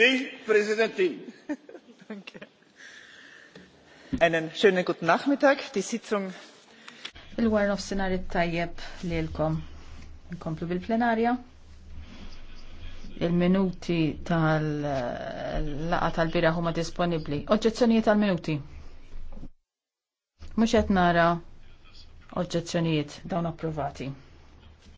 die Presidenti! Danke. Einen schönen guten Nachmittag. Die Sitzung. Il-war nofsinari tajjeb lilkom. Nkomplu bil-plenarja. Il-minuti tal-laqa tal-bira huma disponibli. Oġġezzjonijiet tal-minuti. Mux nara oġġezzjonijiet dawn approvati.